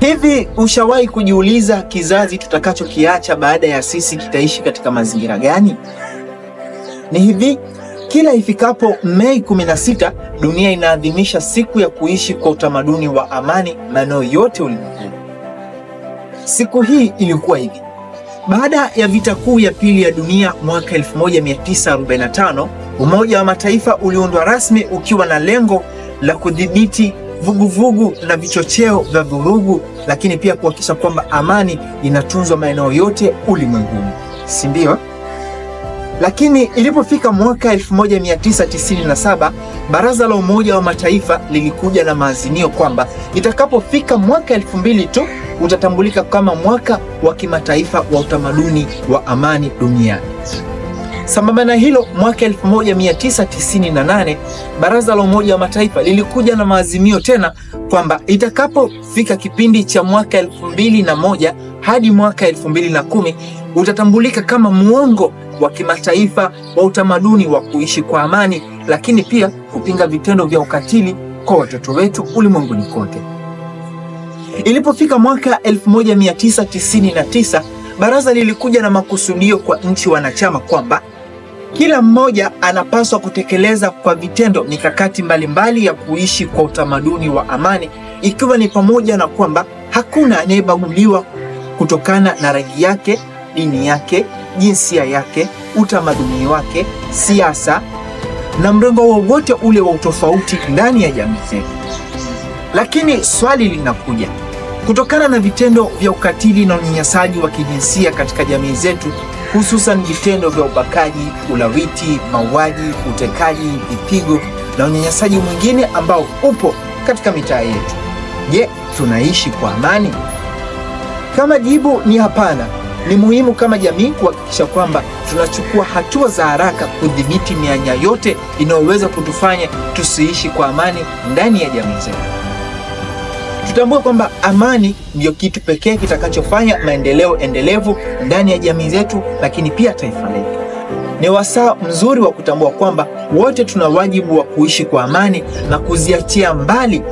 Hivi ushawahi kujiuliza kizazi tutakachokiacha baada ya sisi kitaishi katika mazingira gani? Ni hivi, kila ifikapo Mei 16 dunia inaadhimisha siku ya kuishi kwa utamaduni wa amani maeneo yote ulimwenguni. Siku hii ilikuwa hivi: baada ya vita kuu ya pili ya dunia mwaka 1945, Umoja wa Mataifa uliundwa rasmi ukiwa na lengo la kudhibiti vuguvugu na vichocheo vya vurugu, lakini pia kuhakikisha kwamba amani inatunzwa maeneo yote ulimwenguni, si ndio? Lakini ilipofika mwaka 1997 Baraza la Umoja wa Mataifa lilikuja na maazimio kwamba itakapofika mwaka 2000 tu utatambulika kama mwaka wa kimataifa wa utamaduni wa amani duniani. Sambamba na hilo, mwaka 1998 Baraza la Umoja wa Mataifa lilikuja na maazimio tena kwamba itakapofika kipindi cha mwaka 2001 hadi mwaka 2010 utatambulika kama muongo wa kimataifa wa utamaduni wa kuishi kwa amani, lakini pia kupinga vitendo vya ukatili kwa watoto wetu ulimwenguni kote. Ilipofika mwaka 1999 baraza lilikuja na makusudio kwa nchi wanachama kwamba kila mmoja anapaswa kutekeleza kwa vitendo mikakati mbalimbali ya kuishi kwa utamaduni wa amani, ikiwa ni pamoja na kwamba hakuna anayebaguliwa kutokana na rangi yake, dini yake, jinsia yake, utamaduni wake, siasa na mrengo wowote ule wa utofauti ndani ya jamii zetu. Lakini swali linakuja, kutokana na vitendo vya ukatili na unyanyasaji wa kijinsia katika jamii zetu hususan vitendo vya ubakaji, ulawiti, mauaji, utekaji, vipigo na unyanyasaji mwingine ambao upo katika mitaa yetu. Je, tunaishi kwa amani? Kama jibu ni hapana, ni muhimu kama jamii kuhakikisha kwamba tunachukua hatua za haraka kudhibiti mianya yote inayoweza kutufanya tusiishi kwa amani ndani ya jamii zetu. Tutambue kwamba amani ndiyo kitu pekee kitakachofanya maendeleo endelevu ndani ya jamii zetu, lakini pia taifa letu. Ni wasaa mzuri wa kutambua kwamba wote tuna wajibu wa kuishi kwa amani na kuziachia mbali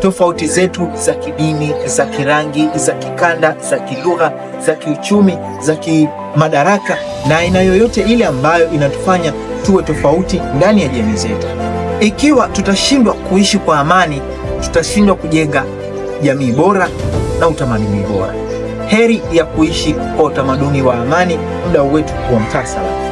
tofauti zetu za kidini, za kirangi, za kikanda, za kilugha, za kiuchumi, za kimadaraka na aina yoyote ile ambayo inatufanya tuwe tofauti ndani ya jamii zetu. Ikiwa tutashindwa kuishi kwa amani, tutashindwa kujenga jamii bora na utamaduni bora. Heri ya kuishi kwa utamaduni wa amani. Mdau wetu wa Mtaa